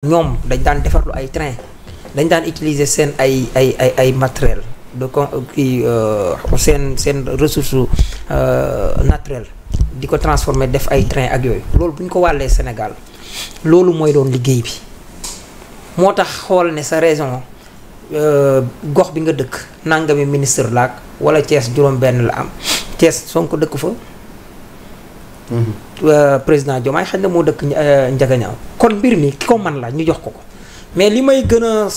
ñoom dañ daan defarlu ay train dañ daan utiliser seen ay ay ay ay matériel de con euh, kii euh, seen seen ressource euh, naturelle di ko transformer def ay train ak yooyu loolu bu ko wàllee Sénégal loolu mooy doon liggéey bi moo tax xool ne sa raison gox bi nga dëkk nangami ministre laak wala Thiès juróom benn la am Thiès Sonko dëkk fa mm-hmm. Euh, président Diomaye xëy na moo dëkk euh, njagañaaw kon mbir mi ki ko man la ñu jox ko ko mais li may gën a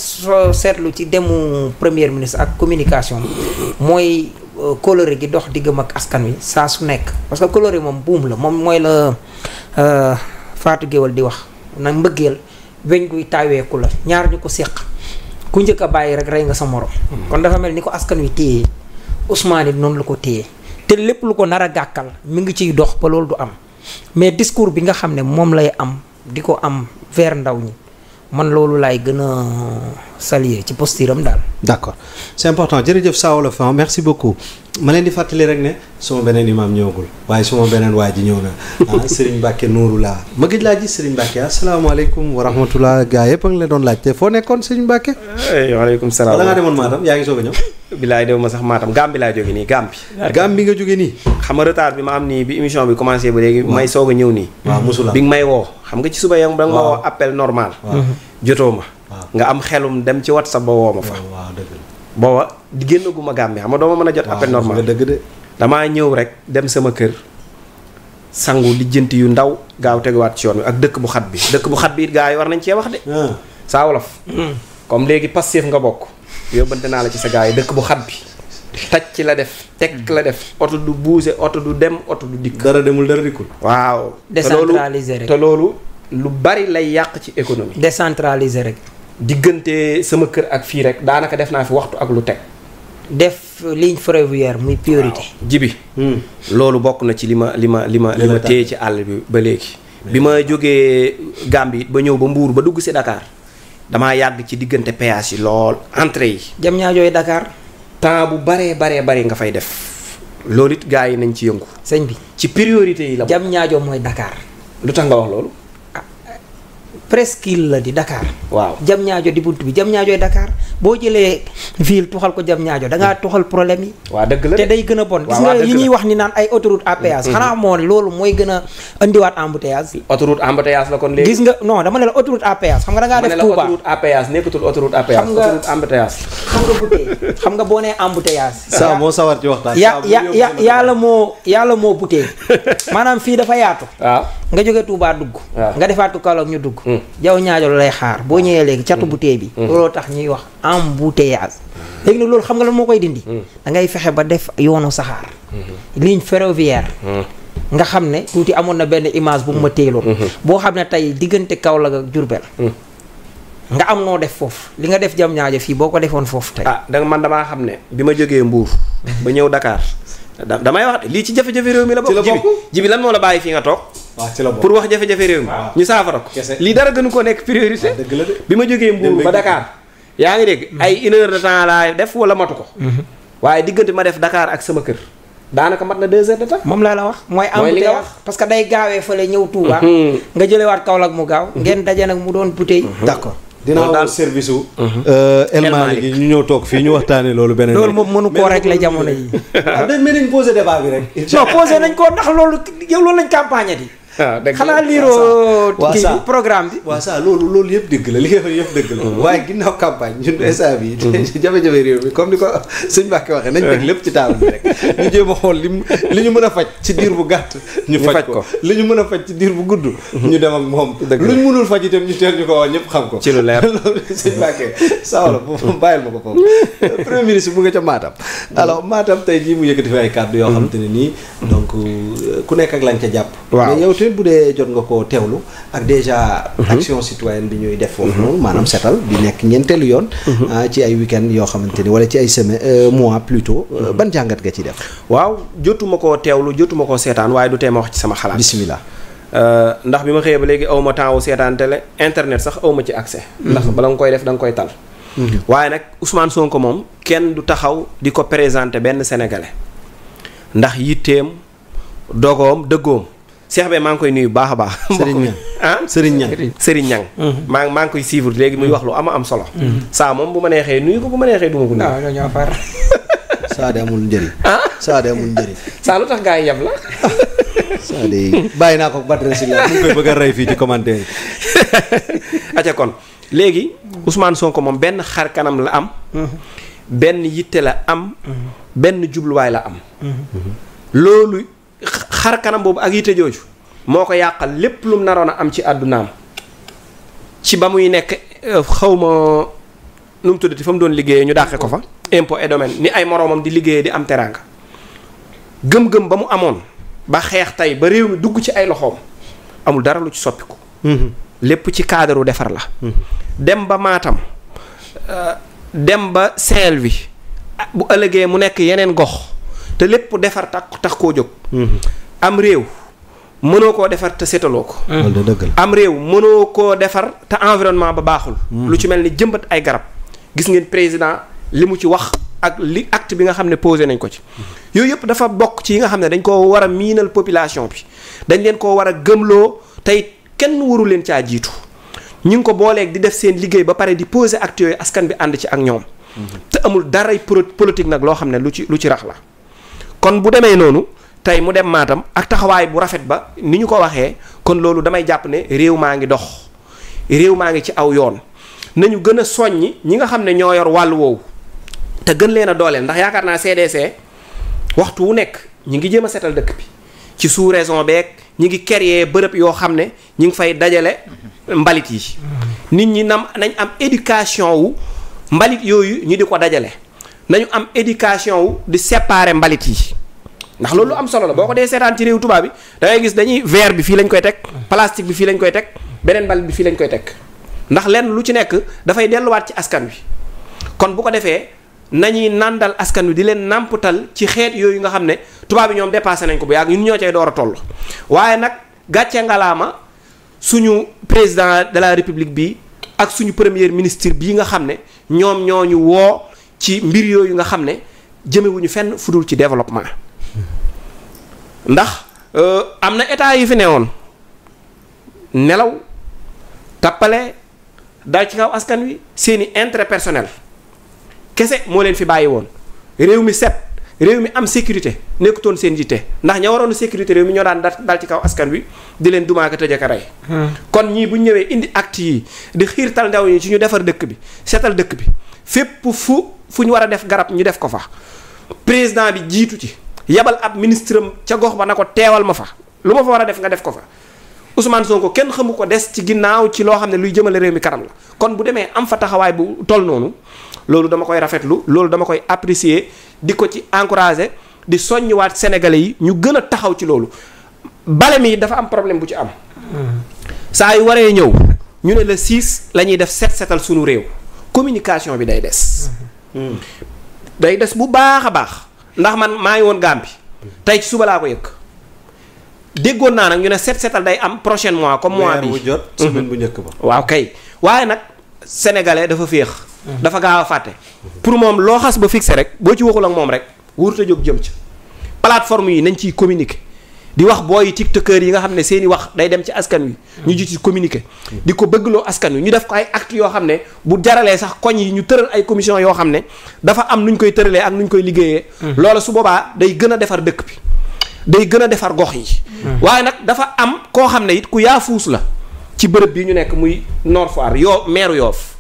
seetlu ci demu premier ministre ak communication mooy euh, coloré gi dox diggam ak askan wi saa su nekk parce que coloré moom buum la moom mooy la faatu Guewel di wax nag mbëggeel weñ guy taaweeku la ñaar ñu ko séq ku njëkk a bàyyi rek rey nga sa morom kon dafa mel ni ko askan wi téye Ousmane it noonu la ko téye te lépp lu ko nar a gàkkal mu ngi ciy dox du am mais discours bi nga xam ne moom lay am di ko am vers ndaw ñi man loolu laay gën a saluer ci posture am daal. d'accord c'est important jërëjëf Saa Wolof Fan ah, merci beaucoup ma leen di fàttali rek ne suma beneen imaam ñëwagul waaye suma beneen waa ji ñëw na ah Serigne Mbacke Nourou laa ma gëj laa ji Serigne Mbacke asalaamaaleykum wa rahmatulah gaa yëpp a ngi la doon laajte foo nekkoon Serigne Mbacke. Eh, waaleykum salaam wala yaa ngi soog a ñëw. bilaay dew ma sax Matam Gàmbi laa jóge nii Gàmbi. Gàmbi nga jóge nii. xam nga retard bi ma am nii bi émission bi commencé ba léegi. may a ñëw nii. waaw mosul bi may woo. xam nga ci suba yow da nga ma woo appel normal. jotoo ma. nga am xelum dem ci whatsapp ba woo ma fa. waaw booba génn gu ma gàmmee xam nga doo mën a jot. appel normal dëgg de. damaa ñëw rek dem sama kër. sangu lijjanti yu ndaw gaaw teguwaat ci yoon bi ak dëkk bu xat bi dëkk bu xat bi gaa yi war nañ cee wax de. saa wolof. comme léegi Pastef nga bokk. yóbbante naa la ci sa gaa yi dëkk bu xat bi. tacc la def tekk la def oto du bouger oto du dem oto du dikk. dara demul dara dikkul. waaw. décentraliser rek te loolu lu bari lay yàq ci économie. décentraliser rek. diggante sama kër ak fii rek daanaka def naa fi waxtu ak lu teg. def ligne ferroviaire muy priorité. jibi hmm. loolu bokk na ci li ma li ma li ma li ma téye ci àll bi ba léegi. bi ma jógee Gambie it ba ñëw ba Mbuur ba dugg si Dakar damaa yàgg ci diggante péage yi lool entrée yi. jam ñaa jooy Dakar. temps bu baree baree bare nga fay def loolu it gars yi nañ ci yëngu. sëñ bi ci priorité yi la. jam ñaajo mooy dakaar lu tax nga wax loolu. presqu'île la di Dakar. waaw jam ñaajo di bunt bi jam ñaajooy Dakar boo jëlee ville tuxal ko jam ñaajo da ngaa tuxal problème yi. waaw dëgg la te day gën a bon. gis nga yi ñuy wax ni naan ay autoroute à mm-hmm. xanaa moo loolu mooy gën a indiwaat embouteillage. autoroute embouteillage la kon la autoroute à péage xam nga da ngaa def. Touba ma ne la autoroute à xam nga autoroute embouteillage. xam xam nga boo nee embouteillage. saa moo sawar ci waxtaan. ya bu yóbbu yàlla yàlla moo yàlla moo butee maanaam fii dafa yaatu. waaw nga jógee Touba dugg. nga defaat ko Kaolack ñu dugg mm. jaw ñaajo lay xaar boo ñëwee léegi catu mm. bouteille bi mm. looloo tax ñuy wax embouteillage mm. léegi nag loolu xam nga lan moo koy dindi da ngay fexe ba def yoonu saxaar mm-hmm. ligne ferroviaire nga xam ne tuuti amoon na benn image bu ma téeloon mm-hmm. boo xam ne tey diggante Kaolack ak Diourbel nga am noo def foofu li nga def jam ñaajo fii boo ko defoon foofu tey ah da man damaa xam ne bi ma jógee mbuur ba ñëw Dakar damay wax lii ci jafe-jafe réew mi la bokk jibi lan moo la bàyyi fii nga pour wax jafe-jafe réew mi ñu saafara ko lii dara gënu koo nekk priorité bi ma jógee Mbour ba Dakar yaa ngi dégg ay une heure de def wala matu ko mhm. waaye diggante ma def dakaar ak sama kër daanaka mat na deux heures moom laa la wax mooy am li nga wax parce que day gaawee fële ñëw Touba mhm. nga jëlewaat Kaolack mu gaaw mhm. ngeen daje nag mu doon bouteille d'accord dina daal service wu euh, El Malick gi ñu ñëw toog fii ñu waxtaanee loolu beneen loolu moom mënu koo régler jamono yi mais nañ posé débat bi rek non posé nañ ko ndax loolu Ah, xanaa liiroo kii programme bi waaw ça loolu loolu yëpp dëgg la li nga wax yëpp dëgg la mm-hmm. waaye ginnaaw campagne ñun mm-hmm. instant bi mm-hmm. jafe-jafe réew mi comme ni ko sëñ Mbacke waxee nañ teg lépp ci taal bi rek xool li li ñu mën a faj ci diir bu gàtt ñu faj ko li ñu mën a faj ci diir bu gudd ñu dem moom luñ mënul faj itam ñu teel ñu ñëpp xam ko ci lu leer loolu sëñ Mbacke sawla boobu bàyyil ma ko foofu premier ministre bu nga ca tey jii mu yëkkati fi ay kàddu yoo xam ne nii donc euh, ku nekk ak lañ ca jàpp tuuti bu dee jot nga ko teewlu ak déjà mhm. action citoyenne bi ñuy def foofu mhm. noonu maanaam setal bi nekk ñeenteelu yoon mhm. ah, ci ay week yoo xamante ni wala ci ay semaine euh, mois plutôt euh, ban jàngat nga ci def waaw jotuma koo teewlu jotuma ko seetaan waaye du tee ma wax ci sama xalaat bismillah euh, ndax bi ma xëyee ba léegi awma temps wu seetaan le internet sax awma ci accès ndax bala nga koy def danga koy tal waaye nag soo ko moom kenn du taxaw di ko présenter benn sénégalais ndax yitteem dogoom dëggoom Cheikh Beye maa ngi koy nuyu baax a baax. Serigne Niang ah Serigne Niang. Serigne mm-hmm. maa maa ngi koy suivre léegi muy wax lu am am solo. Mm-hmm. saa moom bu ma neexee nuyu ko bu ma neexee duma ko nuyu. waaw ah, ñoo ñoo far. saa de amul njëriñ. ah saa de amul njëriñ. saa lu tax gaa yi yab la. saa de bàyyi naa ko battre si la mu koy bëgg a rey fii ci commentaire yi. aca kon léegi Ousmane Sonko moom benn xar kanam la am. Mm-hmm. benn yitte la am. benn jubluwaay la am. loolu. xar kanam boobu ak yite jooju moo ko yàqal lépp lum naroon a am ci àddunaam ci ba muy nekk euh, xawma nu mu tuddati fa mu doon liggéeyee ñu dàqe ko fa impôt et domaine ni ay moroomam di liggéeyee di am teraanga gëm-gëm ba mu amoon ba xeex tey ba réew mi dugg ci ay loxoom amul dara lu ci soppiku mm-hmm. lépp ci cadre defar la mm-hmm. dem ba maatam euh, dem ba seel louis bu ëllëgee mu nekk yeneen gox te lépp defar tax tax koo jóg. Mhm. am réew mënoo koo defar te seetaloo ko. Mhm. am réew mënoo koo defar te environnement ba baaxul. Mhm. lu ci mel ni jëmbat ay garab gis ngeen président li mu ci wax. ak li acte bi nga xam ne posé nañ ko ci yooyu yëpp dafa bokk ci yi nga xam ne dañ koo war a miinal population bi dañ leen koo war a gëmloo tey kenn waru leen caa jiitu ñu ngi ko booleeg di def seen liggéey ba pare di posé acte yooyu askan bi ànd ci ak ñoom te amul daray politique nag loo xam ne lu ci lu ci rax la kon bu demee noonu tey mu dem maatam ak taxawaay bu rafet ba ni ñu ko waxee kon loolu damay jàpp ne réew maa ngi dox réew maa ngi ci aw yoon nañu gën a soññi ñi nga xam ne ñoo yor wàll woowu te gën leen a dooleel ndax yaakaar naa CDC waxtu wu nekk ñi ngi jéem a setal dëkk bi ci sous raison beeg ñi ngi créer bërëb yoo xam ne ñi ngi fay dajale mbalit yi mm-hmm. nit ñi nam nañ am éducation wu mbalit yooyu ñu di ko dajale nañu am éducation wu di séparer mbalit yi ndax loolu am solo la boo ko dee seetaan ci réew tubaab bi da gis dañuy verre bi fii lañ koy teg plastique bi fii lañ koy teg beneen mbalit bi fii lañ koy teg ndax lenn lu ci nekk dafay delluwaat ci askan wi kon bu ko defee nañuy nàndal askan wi di leen nàmputal ci xeet yooyu nga xam ne tubaab yi ñoom dépassé nañ ko bu yàgg ñun ñoo cee door a toll waaye nag gàcce ngalaama suñu président de la république bi ak suñu premier ministre bii nga xam ne ñoom ñoo ñu woo. ci mbir yooyu nga xam ne jëmewuñu fenn fudul ci développement ndax euh, am na état yu fi newoon nelaw tappale daal ci kaw askan wi seeni intérêt personnel kese moo leen fi bàyyi woon réew mi set réew mi am sécurité nekkutoon seen jiite ndax ña waroon sécurité réew mi ñoo daan dal ci kaw askan wi di leen dumaaka tëj ak a rey hmm. kon ñii bu ñëwee indi acte yi di xiirtal ndaw ñi ci ñu defar dëkk bi setal dëkk bi fépp fu fu ñu war a def garab ñu def ko fa président bi jiitu ci yebal ab ministre am ca gox ba na ko teewal ma fa lu ma fa war a def nga def ko fa Ousmane Sonko kenn xamu ko des ci ginnaaw ci loo xam ne luy jëmale réew mi kanam la kon bu demee am fa taxawaay bu toll noonu loolu dama koy rafetlu loolu dama koy apprécier di ko ci encourager di soññiwaat sénégalais yi ñu gën a taxaw ci loolu bale mi dafa am problème bu ci am hmm. saa yu waree ñëw ñu ne le 6 la ñuy def set setal sunu réew communication bi day des. day des bu baax a baax ndax man maa ngi woon Gàmbi tey ci suba laa ko yëg déggoon naa nag ñu ne set setal day am prochain mois comme mois bi bu jot bu njëkk ba. Mhm. waaw kay waaye nag sénégalais dafa féex. Mhm. dafa gaaw a fàtte. pour moom loo xas ba fixé rek boo ci waxul ak moom rek wóorut a jóg jëm palaat plateforme yi nañ ciy communiqué di wax booy tiktokeur yi nga xam ne seeni wax day dem ci askan wi. Hmm. ñu ji ci communiqué. Hmm. di ko bëggloo askan wi ñu def ko ay actes yoo xam ne bu jaralee sax koñ yi ñu tëral ay commission yoo xam ne dafa am nu ñu koy tëralee ak nu koy liggéeyee. Hmm. loola su boobaa day gën a defar dëkk bi day gën a defar gox yi. waaye nag dafa am koo xam ne it ku yaafuus la ci bërëb bi ñu nekk muy Nord yoo meeru yoof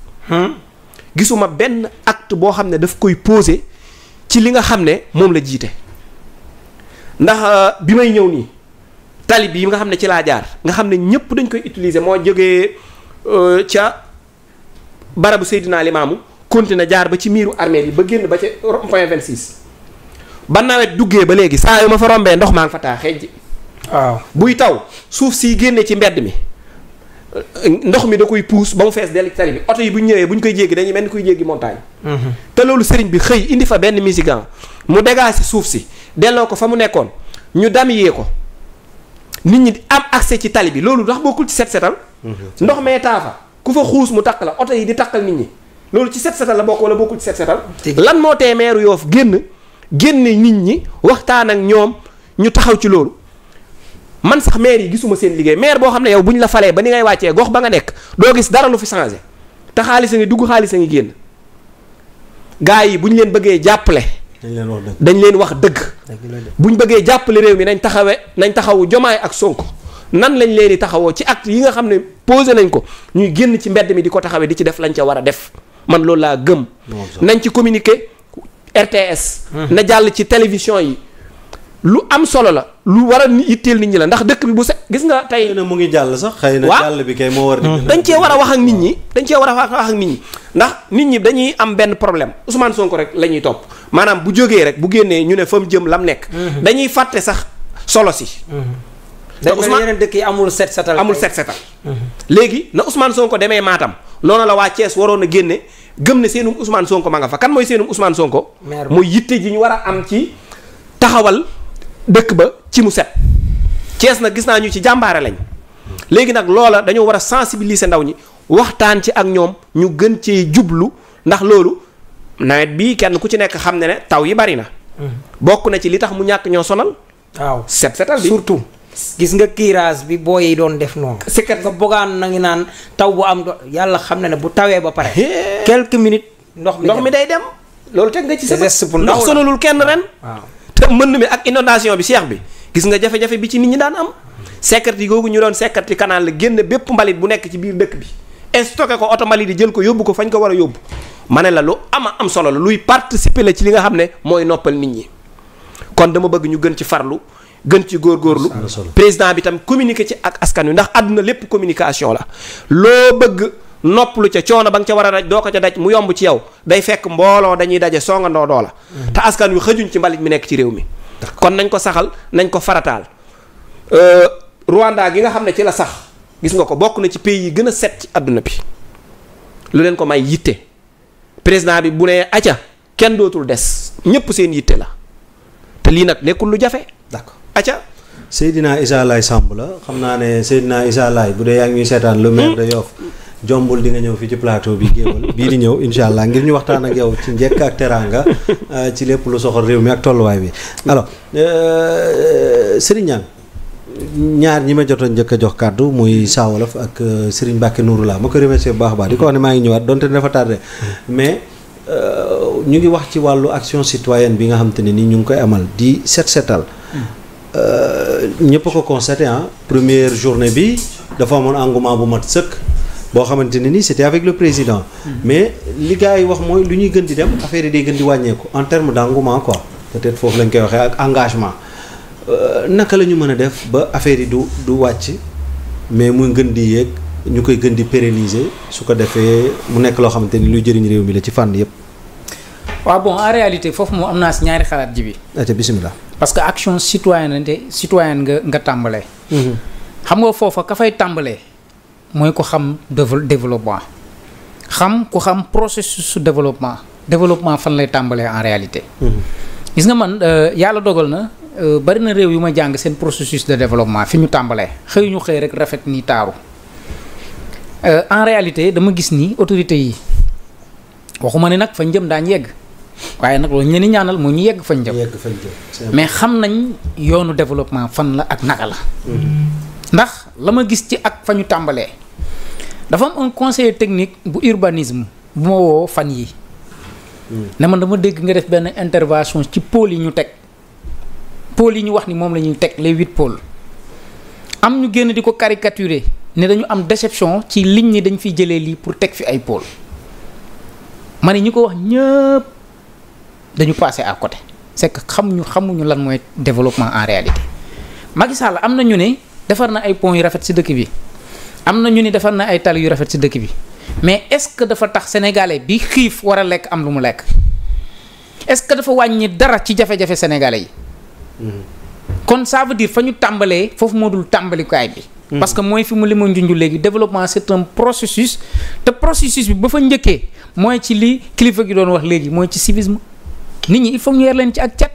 gisuma benn acte boo xam ne daf koy posé ci li nga xam ne moom la jiite. ndax euh, bi may ñëw nii tali bi nga xam ne ci laa jaar nga xam ne ñëpp dañ koy utiliser moo jógee euh, ca barabu Seydina Limaamu continué jaar ba ci miiru armee bi ba génn ba ca point 26. ba nawet duggee ba léegi saa yu ma fa rombee ndox maa ngi fa taa xejj waaw buy taw suuf si génne ci mbedd mi euh, ndox mi da koy puus ba mu fees dell ci tali bi oto yi bu ñëwee buñ koy jéggi dañuy mel ni koy jéggi montagne. Mhm. te loolu sëriñ bi xëy indi fa benn misigant mu dégage si suuf si. delloo ko fa mu nekkoon ñu dam yee ko nit ñi am accès ci tali bi loolu ndax bokkul ci set setal mhm. ndox mee taa fa ku fa xuus mu takk la oto yi di takkal nit ñi loolu ci set setal la bokk wala bokkul ci set setal lan moo tee meeru yoof génn génn nit ñi waxtaan ak ñoom ñu taxaw ci loolu man sax maire yi gisuma seen liggéey maire boo xam ne yow bu ñu la falee ba ni ngay wàccee gox ba nga nekk doo gis dara lu fi changé te xaalis a ngi dugg xaalis a génn gars yi bu leen bëggee jàppale dañ leen wax dëgg dañ leen wax dëgg. buñ bëggee jàppale réew mi nañ taxawee nañ taxawu jomaay ak Sonko nan lañ leen di taxawoo ci acte yi nga xam ne posé nañ ko ñuy génn ci mbedd mi di ko taxawee di ci def lañ ca war a def man loolu laa gëm. nañ ci communiquer RTS. Hmm. na jàll ci télévision yi. lu am solo la lu war a yitteel nit ñi la ndax dëkk bi bu se gis nga tey. xëy mu ngi jàll sax. xëy na jàll bi kay moo war hmm. dañ cee war a wax ak nit ñi hmm. dañ cee war a wax ak nit ñi ndax nit ñi dañuy am benn problème Ousmane Sonko rek la ñuy topp. maanaam bu jógee rek bu génnee ñu ne fa mu jëm lam nekk. Mhm. dañuy fàtte sax solo si. te mhm. Ousmane yeneen dëkk yi amul set setal amul set setal. Mhm. léegi na usmaan Sonko demee maatam noonu la waa cees waroon a génne gëm ne seenum usmaan Sonko ma nga fa kan mooy seenum Ousmane Sonko. mooy yitte ji ñu war a am ci taxawal dëkk ba ci mu set. Thiès na gis naa ñu ci jàmbaare lañ. léegi nag loola dañoo war a sensibiliser ndaw ñi waxtaan ci ak ñoom ñu gën ci jublu ndax loolu nawet bii kenn ku ci nekk xam ne ne taw yi bari na. Hmm. bokk na ci li tax mu ñàkk ñoo sonal. waaw set setal bi surtout. gis nga kiiraas bi booy yi doon def noonu. sikkat nga bogaan na ngi naan taw bu am do yàlla xam na ne bu tawee ba pare. quelques minutes. ndox mi mi day dem. loolu teg nga ci sa ndox sonalul kenn ren. waaw te mbënd mi ak inondation bi seex bi gis nga jafe bi ci nit ñi daan am. sekkarti googu ñu doon sekkarti canal la génn bépp mbalit bu nekk ci biir dëkk bi. stocké ko oto mbalit yi jël ko yóbbu ko fañ ko war a yóbbu. ma ne la lu ama am solo luy participer la ci li nga xam ne mooy noppal nit ñi kon dama bëgg ñu gën ci farlu gën ci góor góorlu président bi tam communiquer ci ak askan wi ndax àdduna lépp communication la loo bëgg noppalu ca coono ba nga ca war a daj doo ko ca daj mu yomb ci yow day fekk mbooloo dañuy daje songandoo doo la mm-hmm. te askan wi xëjuñ ci mbalit mi nekk ci réew mi kon nañ ko saxal nañ ko farataal euh, Rwanda gi nga xam ne ci la sax gis nga ko bokk na ci pays yi gën a set ci àdduna bi lu leen ko may yitte président bi bu nee acca kenn dootul des ñëpp seen yitte la te lii nag nekkul lu jafe. d'accord acca. Seydina Issa Laye Samb la xam naa ne Seydina Issa Laye bu dee yaa ngi ñuy seetaan le maire hmm? de Yoff jombul di nga ñëw fii ci plateau bi géewal bii di ñëw incha allah ngir ñu waxtaan ak yow ci njekk ak teraanga ah, ci lépp lu soxal réew mi ak tolluwaay bi alors euh, Serigne ñaar ñi ma jotoon njëkk jox kàddu muy Sawolof ak euh, Serigne Mbacke nuru laa ma ko remercier baax a baax di ko wax ne maa ngi ñëwaat donte dafa tardé mais euh, ñu ngi wax ci wàllu action citoyenne bi nga xam te ne ni ñu ngi koy amal di set setal euh, ñëpp ko constaté ah première journée bi dafa amoon engouement bu mat sëkk boo xamante ne ni c'était avec le président mais li yi wax mooy lu ñuy gën di dem affaire yi day gën di wàññeeku en terme d'engouement quoi peut-être foofu lañ koy waxee ak engagement Euh, naka la ñu mën a def ba affaire yi du du wàcc mais muy gën di yéeg ñu koy gën di pérenniser su ko defee mu nekk loo xamante ni lu jëriñ réew mi la ci fànn yépp waaw bon en réalité foofu moom am naa si ñaari xalaat ji bi. ati parce que action citoyenne te citoyenne nga nga tàmbalee. Mhm. xam nga foofa ka fay tàmbalee mooy ko xam développement. xam ko xam processus développement développement fan lay tàmbalee en réalité. Mhm. gis nga man euh, yàlla dogal na. Euh, bari na réew yu ma jàng seen processus de développement fi ñu tàmbalee xëy ñu xëy rek rafet ni taaru euh, en réalité dama gis ni autorités yi waxuma ne nag fañ jëm daañ yegg waaye nag loolu ñu leen ñaanal moo ñu yegg fañ jëm mais xam nañ yoonu développement fan la ak naka la mm-hmm. ndax la ma gis ci ak fa ñu tàmbalee dafa am un conseiller technique bu urbanisme bu ma woo fan yi mm. ne man dama dégg nga def benn intervention ci pôle yi ñu teg pôles yi ñu wax ni moom la ñuy teg les huit pôles am ñu génn di ko caricaturer ne dañu am déception ci liñ ñi dañ fiy jëlee lii pour teg fi ay pôles ma ne ñu ko wax ñëpp dañu passé à côté c'est que xamuñu xamuñu lan mooy développement en réalité Macky Sall am na ñu ne defar na ay ponts yu rafet si dëkk bi am na ñu ni defar na ay tali yu rafet ci dëkk bi mais est-ce que dafa tax sénégalais bi xiif war a lekk am lu mu lekk est-ce que dafa wàññi dara ci jafe-jafe sénégalais yi. kon ça veut fa ñu tàmbalee foofu moo dul tàmbalikaay bi. Mm-hmm. parce que mooy fi mu li ma junj léegi développement c'est un processus te processus bi ba fa njëkkee mooy ci li kilifa gi doon wax léegi mooy ci civisme nit ñi il faut ñu yar leen ci ak cat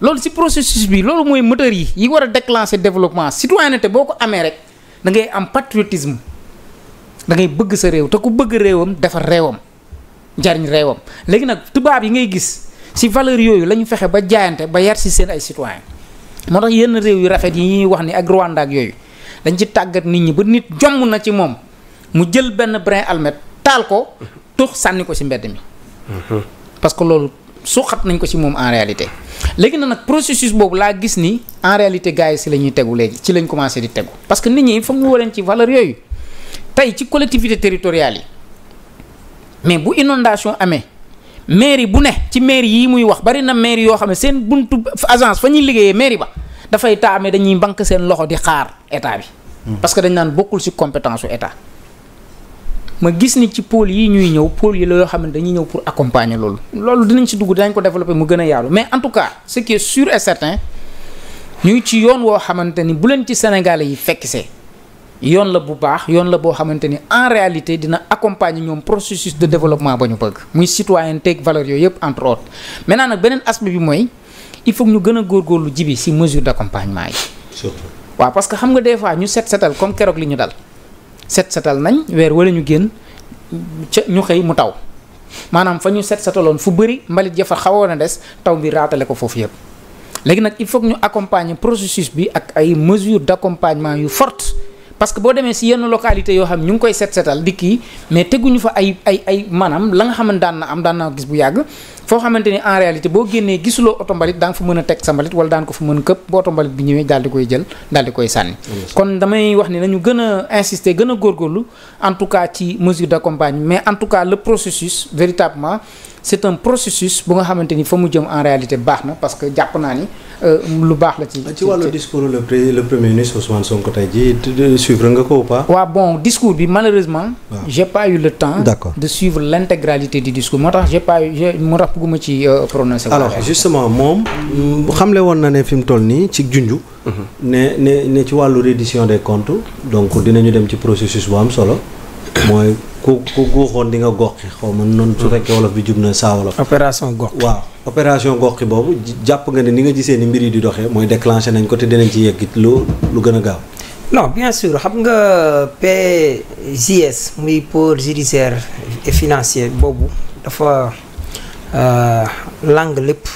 loolu si processus bi loolu mooy moteur yi yi war a déclencher développement citoyenneté boo ko amee rek dangay am patriotisme da ngay bëgg sa réew te ku bëgg réewam defar réewam jariñ réewam léegi nag tubaab yi ngay gis. ci valeur yooyu la ñu fexe ba jaayante ba yar si seen ay citoyen moo tax yenn réew yu rafet yi ñuy wax ni ak Rwanda ak yooyu dañ ci tàggat nit ñi ba nit jomm na ci moom mu jël benn brin almet taal ko tux sànni ko si mbedd mi parce que loolu suuxat nañ ko ci moom en réalité léegi na nag processus boobu laa gis ni en réalité gars yi si la ñuy tegu léegi ci lañ commencé di tegu parce que nit ñi foog woo waleen ci valeur yooyu tey ci collectivité territoriale yi mais bu inondation amee mairie bu ne ci mairie yi muy wax bari na mairie yoo xam ne seen buntu agence fa ñuy liggéeyee mairie ba dafay taame dañuy mbank seen loxo di xaar état bi. Hmm. parce que dañ naan bokkul si compétence su état. ma gis ni ci pôle yi ñuy ñëw pôle yi la yoo xam ne dañuy ñëw pour accompagner loolu. loolu dinañ ci dugg dañ ko développer mu gën a yaatu mais en tout cas ce qui sure sûr et certain ñu ci yoon woo xamante ni bu leen ci Sénégalais yi fekk see yoon la bu baax yoon la boo xamante ni en réalité dina accompagne ñoom processus de développement ba ñu bëgg muy citoyenneté ak valeurs yooyu yëpp entre autres maintenant nag beneen aspect bi mooy il faut ñu gën a góorgóorlu jibi si mesure d' accompagnement yi. surtout waaw parce que xam nga des fois ñu set setal comme keroog li ñu dal set setal nañ weer wala ñu génn ca ñu xëy mu taw maanaam fa ñu set setaloon fu bëri mbalit ja fa xawoon a des taw bi raatale ko foofu yëpp léegi processus bi ak ay mesures d' yu fortes. parce que boo demee si yenn localité yoo xam ñu ngi koy set setal dikk yi mais teguñu fa ay ay ay la nga xamante daan na am daan naa gis bu yàgg foo xamante ni en réalité boo génnee gisuloo oto mbalit daan fa mën a teg sa mbalit wala daan ko fa mën këpp bu oto bi ñëwee daal koy jël daal di koy sànni kon damay wax ni nañu gën a insister gën a góorgóorlu en tout cas ci mesure d'accompagnement mais en tout cas le processus véritablement c'est un processus bu nga xamante ni fa mu jëm en réalité baax na parce que jàpp naa ni euh, lu baax la ci. ci wàllu discours le le premier ministre Ousmane Sonko tey jii suivre nga ko ou pas. waaw bon discours bi malheureusement. waaw pas eu le temps. d'accord de suivre l'intégralité di discours moo tax j'ai pas eu j'ai moo tax bëgguma ci euh, prononcer. alors justement moom xamle woon na ne fi mu toll nii ci junju. Mhm. ne ne ne ci wàllu rédition des comptes donc dinañu dem ci processus bu am solo ku ku guuxoon di nga goxi xaw ma noonu su mm. fekkee wolof bi jub na saa wolof. opération goxi waaw opération goxi boobu jàpp nga ne ni nga gisee ni mbir yi di doxee mooy déclenché nañ ko te dinañ ci yegg lu lu gën a gaaw. non bien sûr xam nga PJS muy pôle judiciaire et financier boobu dafa euh, làng lépp.